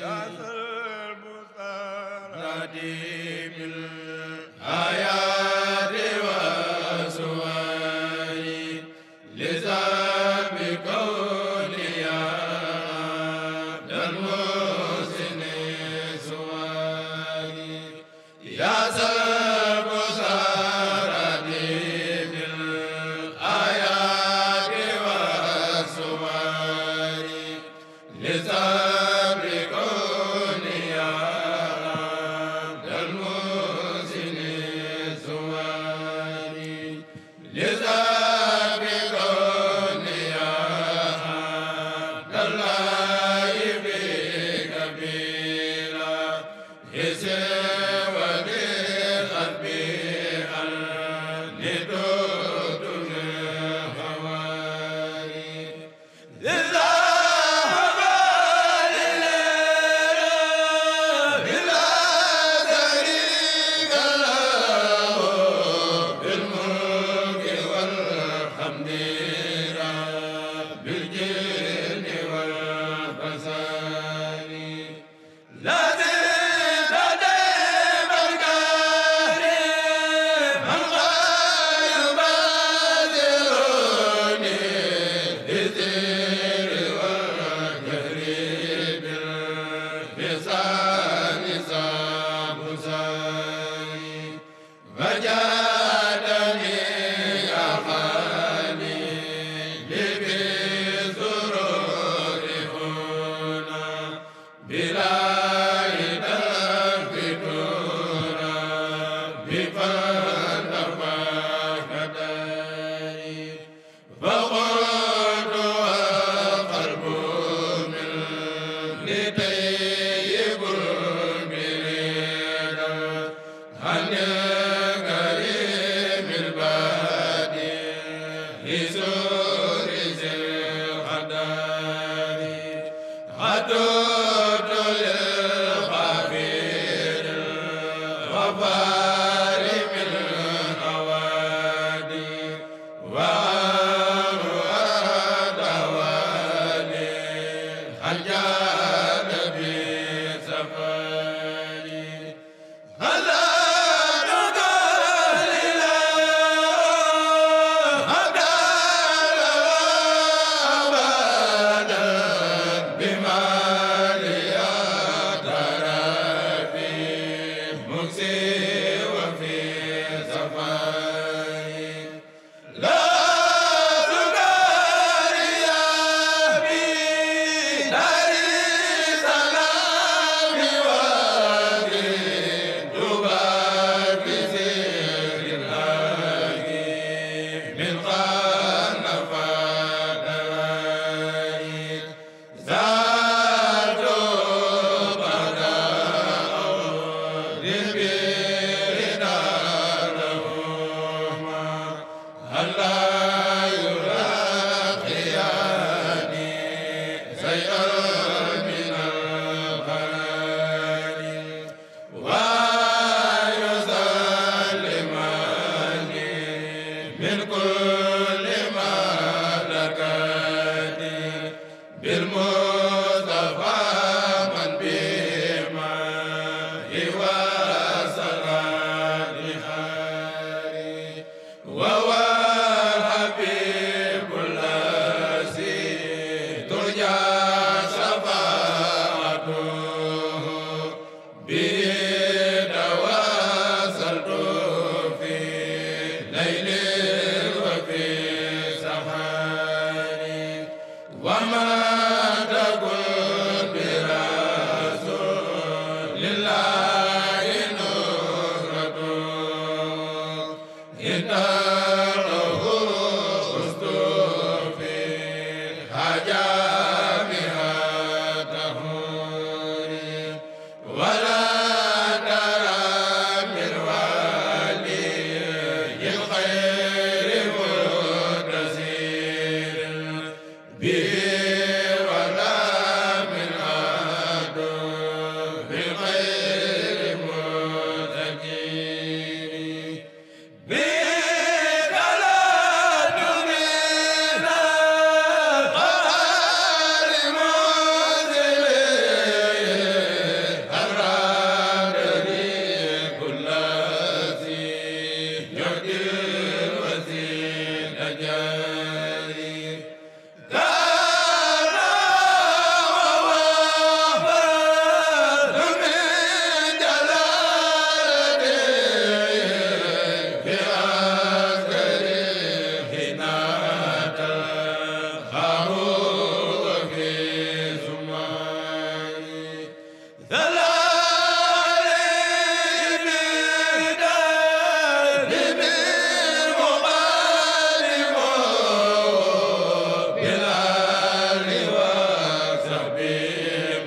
yaa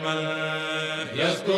man yasku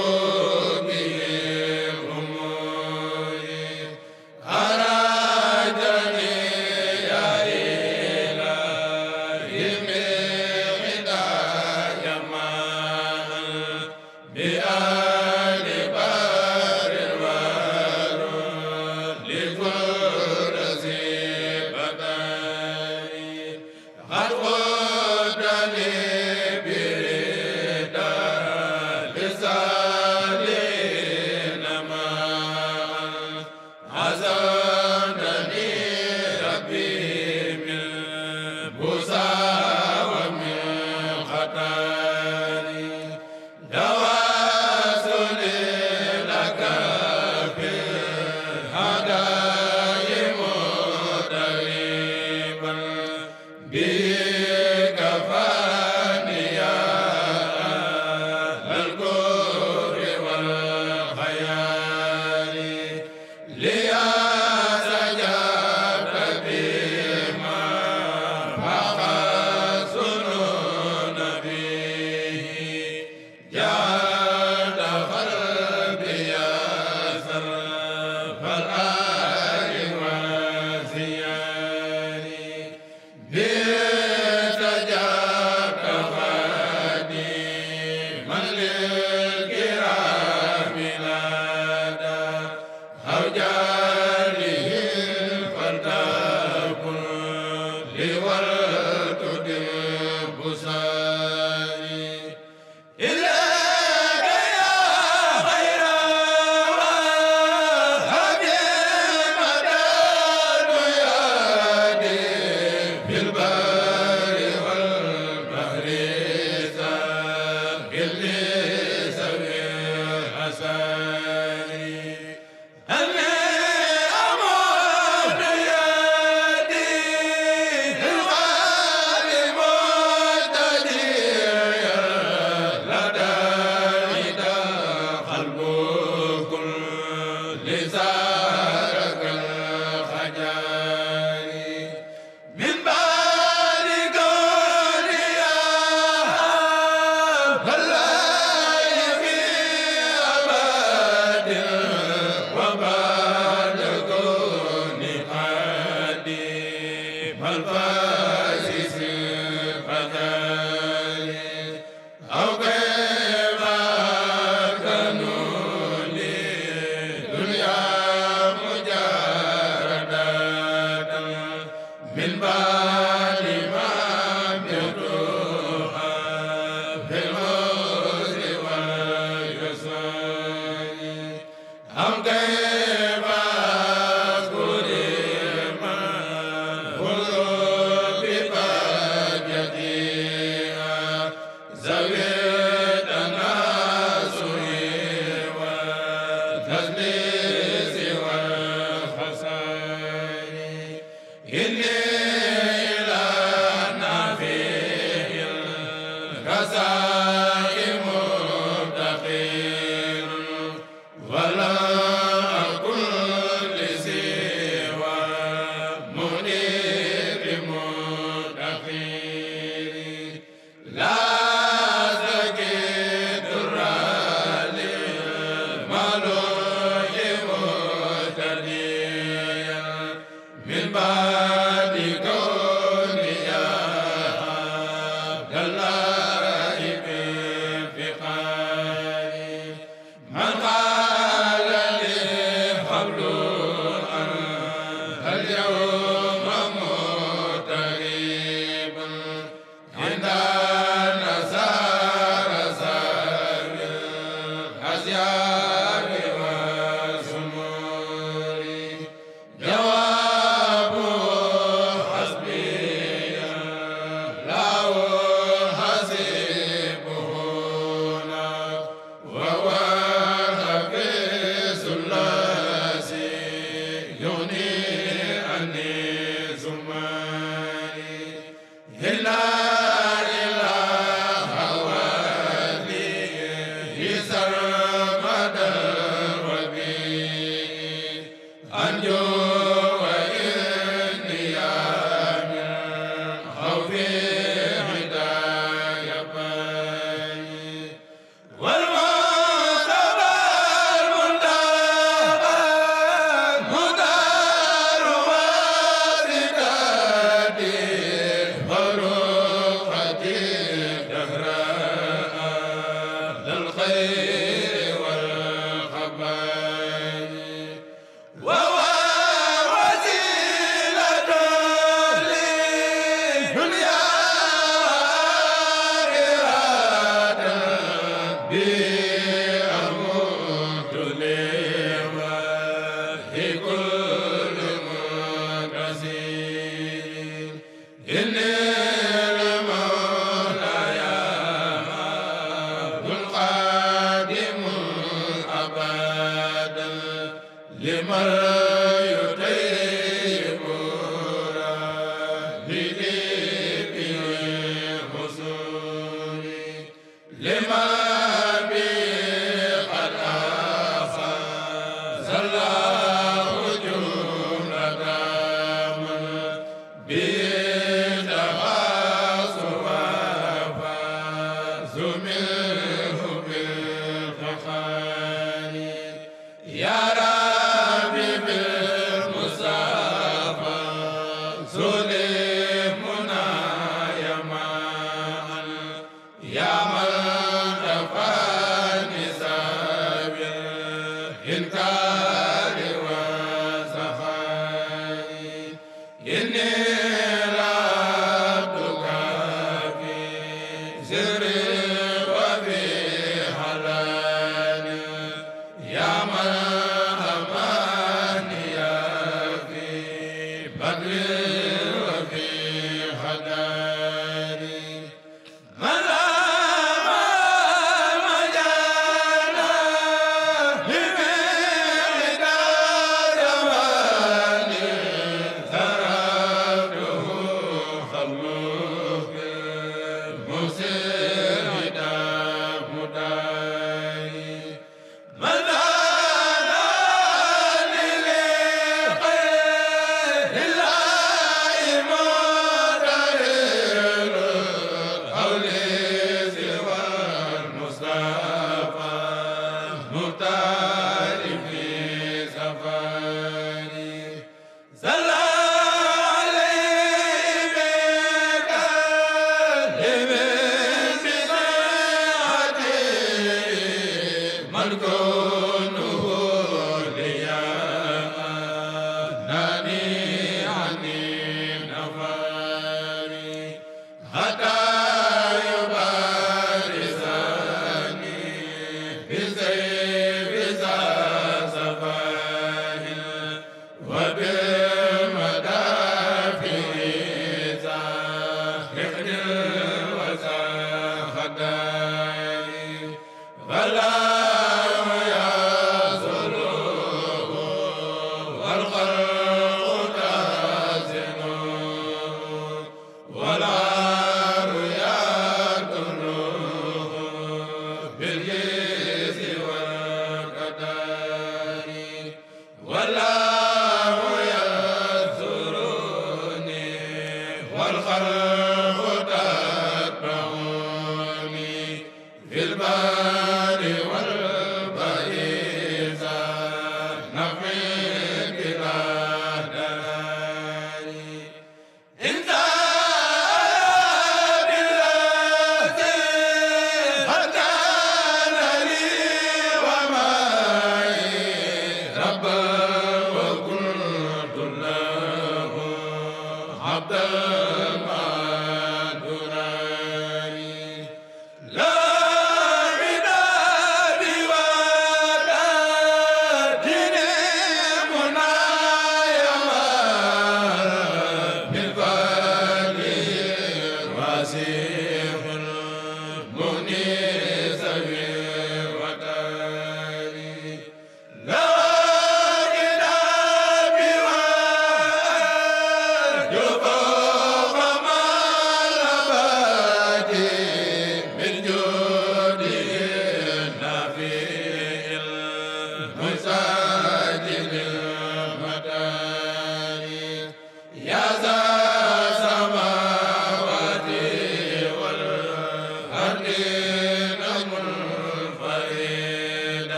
liman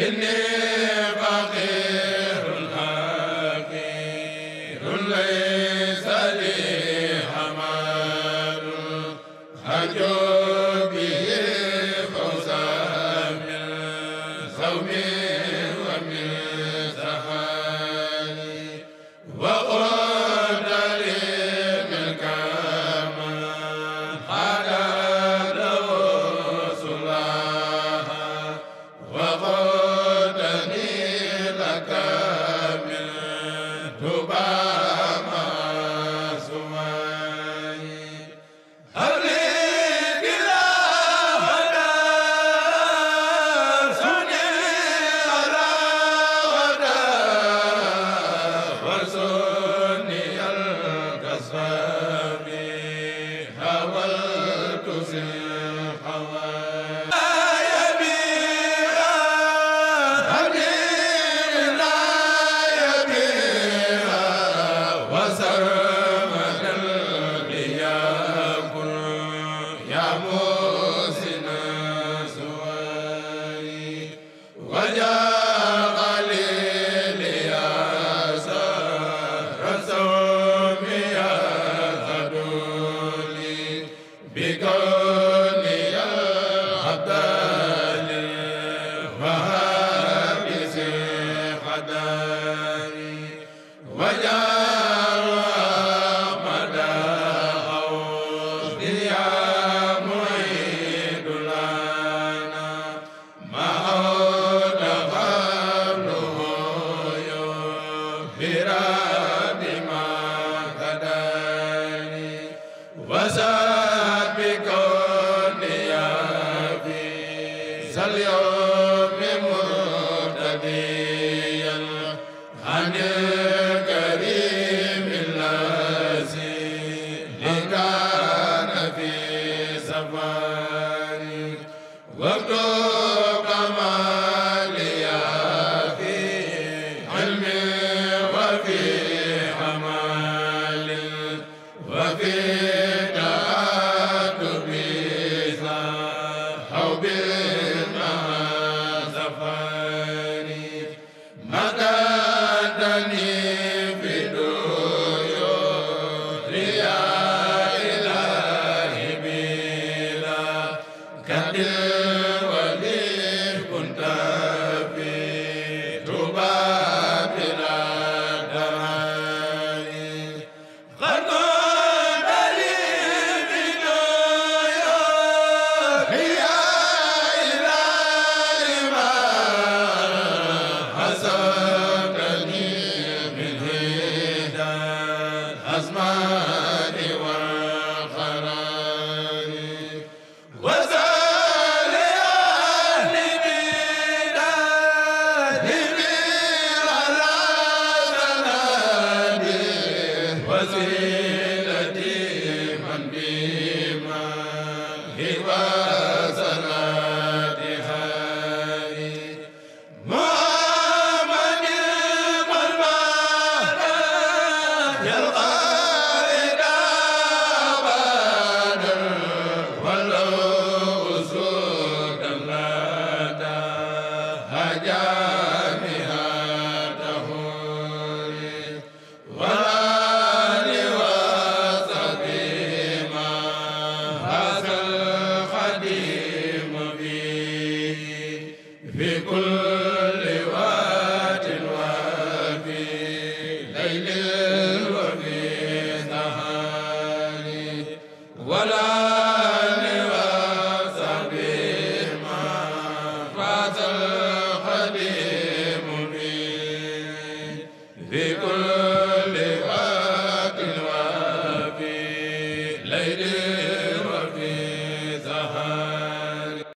inni